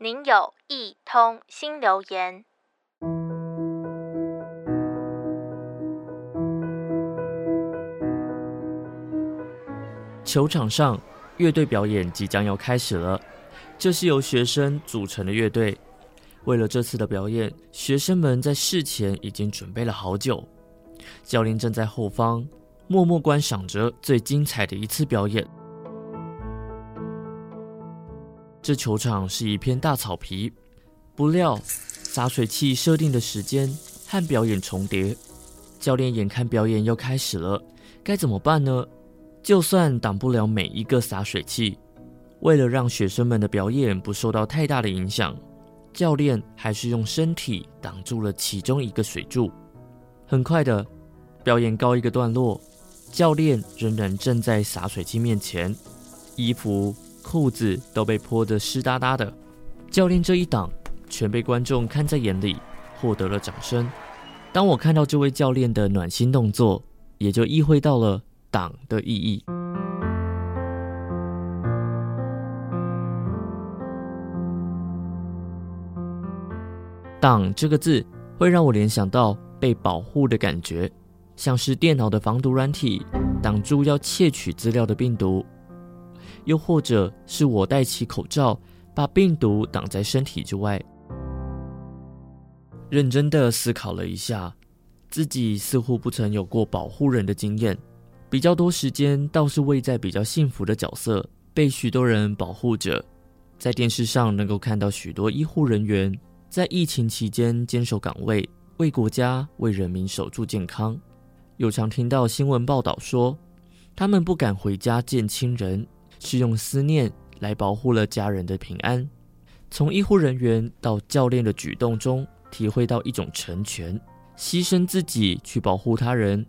您有一通新留言。球場上，樂隊表演即將要開始了。這是由學生組成的樂隊。為了這次的表演，學生們在事前已經準備了好久。教練正在後方默默觀賞着最精彩的一次表演。這球場是一片大草皮，不料灑水器設定的時間和表演重疊。教練眼看表演要開始了，該怎麼辦呢？就算擋不了每一個灑水器，為了讓學生們的表演不受到太大的影響，教練還是用身體擋住了其中一個水柱。很快的，表演告一個段落，教練仍然站在灑水器面前，衣服。褲子都被潑得濕噠噠的，教練這一擋，全被觀眾看在眼裡，獲得了掌聲。當我看到這位教練的暖心動作，也就意會到了“擋”的意義。“擋”這個字，會讓我聯想到被保護的感覺，像是電腦的防毒軟體擋住要竊取資料的病毒。又或者是我戴起口罩，把病毒擋在身體之外。認真的思考了一下，自己似乎不曾有過保護人的經驗，比較多時間倒是位在比較幸福的角色，被許多人保護着。在電視上能夠看到許多醫護人員在疫情期間堅守崗位，為國家、為人民守住健康。有常聽到新聞報道說，他們不敢回家見親人。是用思念來保護了家人的平安。從醫護人員到教練的舉動中，體會到一種成全，犧牲自己去保護他人。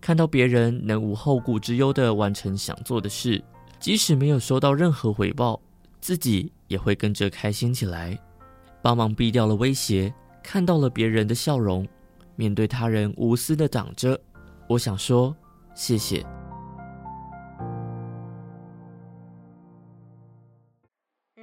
看到別人能無後顧之憂地完成想做的事，即使沒有收到任何回報，自己也會跟着開心起來。幫忙避掉了威脅，看到了別人的笑容，面對他人無私的擋着，我想說謝謝。